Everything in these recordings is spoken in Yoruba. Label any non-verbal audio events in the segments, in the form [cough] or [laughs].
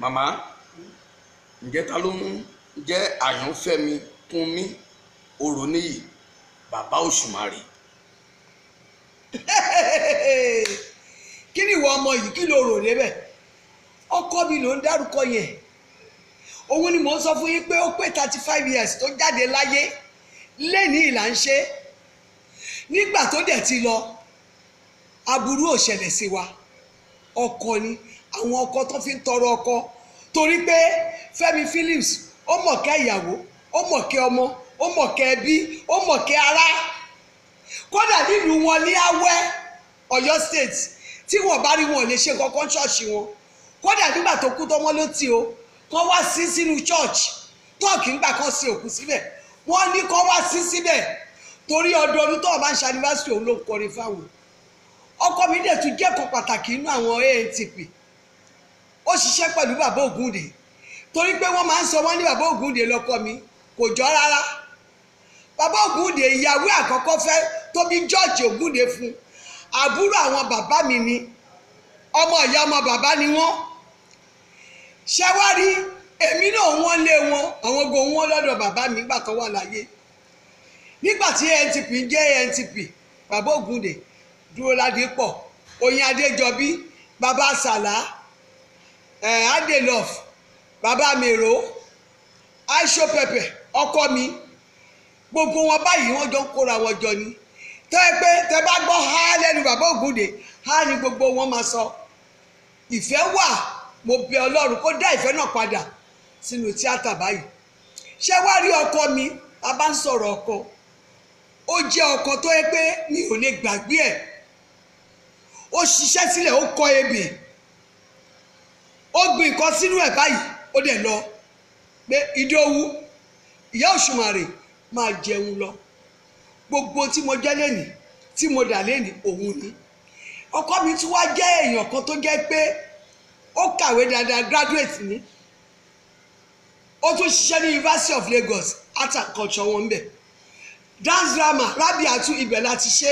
mama, ǹjẹ́ ta ló ń jẹ́ àyànfẹ́mi Kúnmí Òróníyì bàbá Òṣùmàrè. [laughs] kí ni ìwọ ọmọ yìí kí ló rò débẹ̀ ọkọ mi ló ń dárúkọ yẹn òun ni mò ń sọ fún yín pé ó pé thirty five years tó jáde láyé lẹ́ni ìlà ń ṣe nígbà tó dẹ̀ ti lọ aburú ò ṣẹlẹ̀ sí wa ọkọ ni àwọn ọkọ tó fi ń tọrọ ọkọ torí pé Fẹ́mi Phillips ó mọ̀kẹ́ ìyàwó ó mọ̀kẹ́ ọmọ ó mọ̀kẹ́ ẹbí ó mọ̀kẹ́ ará kódà nílùú wọn ní Awẹ́ Ọ̀yọ́ state tí wọ́n bá rí wọn ò lè ṣe kankan ṣọ́ọ̀ṣì wọn kódà nígbà tó kú tọmọ ló ti o kán wá sí sínú church tọ́ọ̀kì ńgbà kan sí òkú síbẹ̀ wọ́n ní kán wá sí síbẹ̀ torí ọdọọdún tó ọba ń ṣe anniversary òun ló ń kọrin fáwọn ọkọ mi dẹ̀ tún jẹ́ pàtàkì inú àwọn ANTP ó ṣiṣẹ́ pẹ̀lú bàbá Ògúndé torí pé wọ́n máa ń sọ wọ́n ní bàbá Ògúndé lọ́kọ mi kò jọ rárá bàbá Ògúndé ìyàwó àkọ́kọ́ fẹ́ tó bí George Ògúndé fún àbúrò àwọn bàbá mi ni ọmọ ìyá ọmọ bàbá ni wọ́n ṣẹ́wárí èmi náà wọ́n lé wọn àwọn ogun wọn lọ́dọ̀ bàbá mi nígbà tó wà láyé nígbà tí NTP ń jẹ́ NTP bàbá Ògúndé Dúróládé pọ̀ Oyin Adéjọbí bàbá Sàlá adelof bàbá mi rò aisho pepper ọkọ mi gbogbo wọn báyìí wọn jọ ń kóra wọn jọ ni tẹ́ ẹ pé tẹ́ bá gbọ́ ha lẹ́nu bàbá ògúndé ha ni gbogbo wọn máa sọ ìfẹ́ wà mo bẹ ọlọ́run kó dá ìfẹ́ náà padà sínú tíátà báyìí ṣé wàá rí ọkọ mi a bá ń sọ̀rọ̀ ọkọ ó jẹ́ ọkọ tó yẹ pé mi ò lè gbàgbé ẹ̀ ó ṣiṣẹ́ sílẹ̀ ó kọ ebè ó gbin nǹkan sínú ẹ̀ báyìí ó dẹ̀ lọ pé ìdówú ìyá òṣùmàrè máa jẹun lọ gbogbo tí mo jẹ́ lẹ́nìí tí mo dà lẹ́nìí òun ni ọkọ mi tí wàá jẹ́ èèyàn kan tó jẹ́ pé ó kàwé dáadáa graduate ni ó tún ṣiṣẹ́ ní University of Lagos art and culture wọn bẹ̀ dance drama rábì àtún ibẹ̀ láti ṣe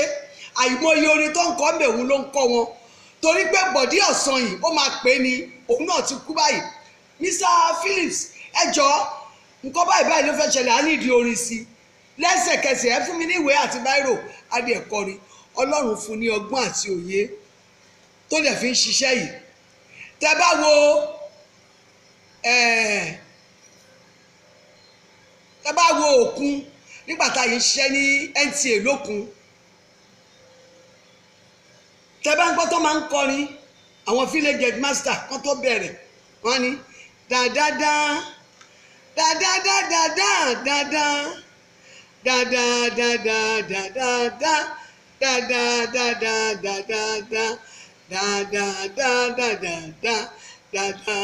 àìmọye orin tó ń kọ́ ń bẹ̀ òun ló ń kọ́ wọn torí pé bọ̀dí ọ̀sán yìí ó máa pè ní òun náà ti kú báyìí Mr Phillips ẹ jọ nǹkan báyìí báyìí ló fẹ́ ṣẹlẹ̀ á nídìí orin sí i lẹ́sẹ̀kẹsẹ̀ ẹ fún mi ní ìwé àti báírò adìẹ kọrin ọlọ́run fún ní ọgbọ́n àti òye tó dẹ̀ fi ń ṣiṣẹ́ yìí tẹ bá wo tẹ bá wo òkun nígbà tá a yìí ń ṣiṣẹ́ ní NTA lókun tẹ bá ń gbọ́ tó máa ń kọrin àwọn village headmaster kan tó bẹ̀rẹ̀ wọ́n ní dàdàdà dàdàdà dàdà dàdà dàdà dàdà dàdà dàdà dàdà dàdà dàdà dàdà dàdà dàdà dàdà dàdà dàdà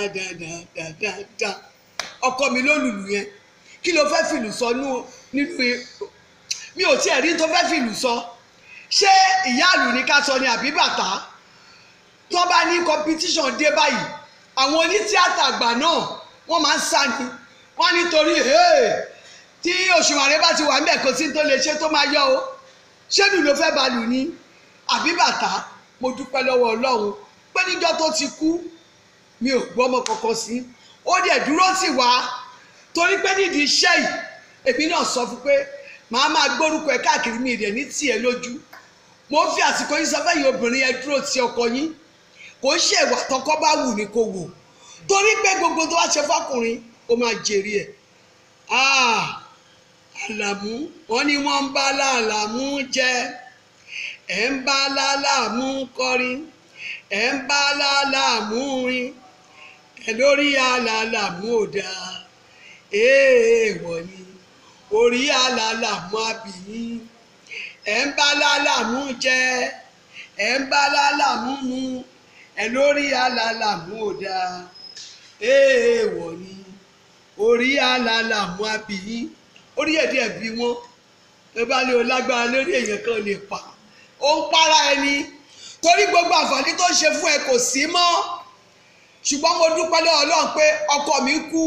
dàdà dàdà ọkọ mi ló lùlù yẹn kí ló fẹ́ fìlù sọ nínú mi ò tiẹ̀ rí tó fẹ́ fìlù sọ. So ṣé ìyáàlú ni ká sọ ni àbí bàtà tó bá ní competition dé báyìí àwọn onítíátà àgbà náà wọ́n máa ń sá ni wọ́n nítorí tí òṣùwọ̀n rẹ bá ti wà níbẹ̀ kò sí tó lè ṣe tó máa yọ o ṣéèdù ló fẹ́ balù ni àbí bàtà mo dúpẹ́ lọ́wọ́ ọlọ́run pé níjọ́ tó ti kú mi ò gbọ́ ọmọ kankan sí ó dẹ̀ dúró sí wa torí pé nídìí iṣẹ́ yìí èmi náà sọ fún pé màá máa gbórúkọ ẹ káàkiri mi rẹ̀ ní tiẹ̀ lójú mo fi àsìkò yín sọ fẹ́yìn obìnrin yẹn dúró ti ọkọ yín kò ń ṣe ìwà tọkọ bá wù ní kò wò torí pé gbogbo tó wá ṣe fọkùnrin ó máa jèrè ẹ̀ ah, àlàmú wọn ni wọ́n ń bá láàlàmú jẹ ẹ̀ ń bá láàlàmú kọrin ẹ̀ ń bá láàlàmú rin ẹ̀ lórí àlàlàmú ò dáa èèwọ̀ ni orí alálàmú àbíyín ẹ̀ ń bá lálàmú jẹ ẹ̀ ń bá lálàmú mu ẹ̀ lórí alálàmú ò dáa èèwọ̀ ni orí alálàmú àbíyín orí èdè ẹ̀bí wọn ẹ bá lè lágbára lórí èèyàn kan lè pa ó ń para ẹni torí gbogbo àǹfààní tó ń ṣe fún ẹ kò sí mọ́ ṣùgbọ́n mo dúpẹ́ lọ́wọ́ Ọlọ́run pé ọkọ mi kú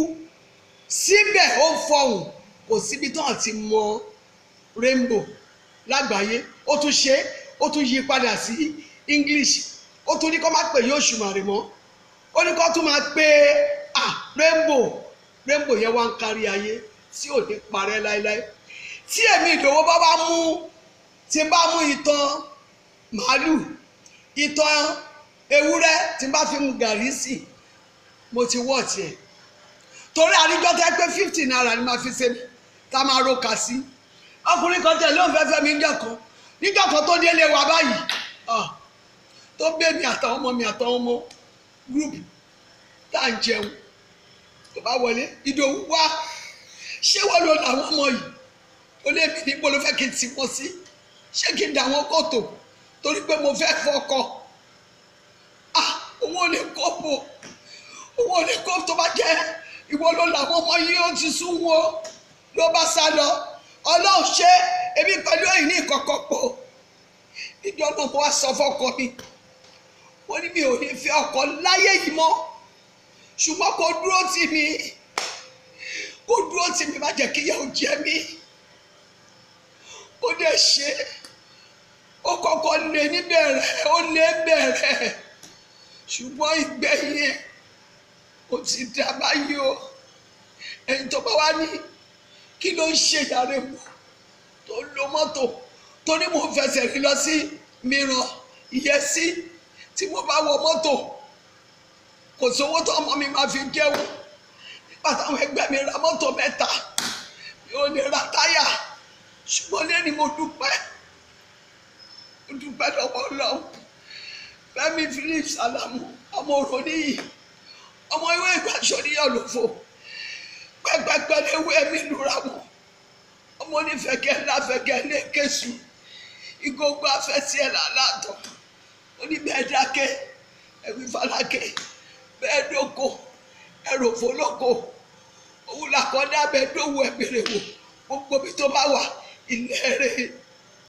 síbẹ̀ ó ń fọhùn kò síbi tán ti mọ rainbow lágbàáyé ó tún ṣe é ó tún yí padà sí english ó tún ní kó má pè yóò ṣùmàrè mọ́ ó ní kó tún máa pè ah rainbow rainbow yẹn wá ń kárí ayé tí ò ní parẹ́ láéláé tí èmi ìdòwò bá bá mú tí bá mú ìtàn màálù ìtàn ewúrẹ́ tí bá fi mu gàrí sí mo ti wọ̀ tiẹ̀ torí àríjọ́ tẹ́ pé fifty naira ni màá fi ṣe mí tá a máa roka sí ọkùnrin kan tẹ̀lé òun fẹ́fẹ́ mi níjọ́ kan níjọ́ kan tó délé wa báyìí tó gbé mi àtàwọn ọmọ mi àtàwọn ọmọ gúrúùpù tá à ń jẹun tó bá wọlé ìdòwú wá ṣé wọ́n lò làwọn ọmọ yìí ó lé mi níbo ló fẹ́ kí n tì wọ́n sí ṣé kí n dà wọ́n kòtò torí pé mo fẹ́ fọkọ òun ò lè kópo òun ò lè kópo tó bá jẹ́ ìwọ ló làwọn ọmọ yìí ó ti sún wọn ló bá sá lọ ọlọ́run ṣe èmi pẹ̀lú èyí ní ìkọ̀kọ̀ pọ̀ níjọ́ náà mo wá sọ fọ́kọ mi mo ní mi ò ní fẹ́ ọkọ láyé yìí mọ́ ṣùgbọ́n kò dúró tì mí kò dúró tì mí má jẹ́ kí ìyà ó jẹ mí ó dẹ̀ ṣe ó kọ́kọ́ lé níbẹ̀rẹ̀ ó lé bẹ̀rẹ̀ ṣùgbọ́n ìgbẹ̀yìn ó ti dá báyìí o ẹni tó bá wá ní kí ló ń ṣe ìyàrá mu tó lo mọ́tò torí mo fẹsẹ̀ rí lọ sí mìíràn ìyẹ́sí tí mo bá wọ mọ́tò kò sówó tó ọmọ mi máa fi jẹun nígbà táwọn ẹgbẹ́ mi ra mọ́tò mẹ́ta mi ò lè ra táyà ṣùgbọ́n lẹ́ni mo dúpẹ́ mo dúpẹ́ lọ́wọ́ lọ́wọ́ Fẹ́mi Phillips Alamu ọmọ òròníyì ọmọ ìwé ìgbàsọ níyàwó ló fò ẹgbẹrẹ ewu ẹmí lura wọ ọmọ onífẹkẹ ńláfẹkẹ ní késù igogo afẹsẹ làlàtọ oníbẹẹdàkẹ ẹwìfàlàkẹ bẹẹdọkọ ẹrọfọlọkọ òwúlàkọdà bẹẹdọwọ ẹgbẹrẹ wọ gbogbo mi tó bá wà ilẹ̀ rẹ̀.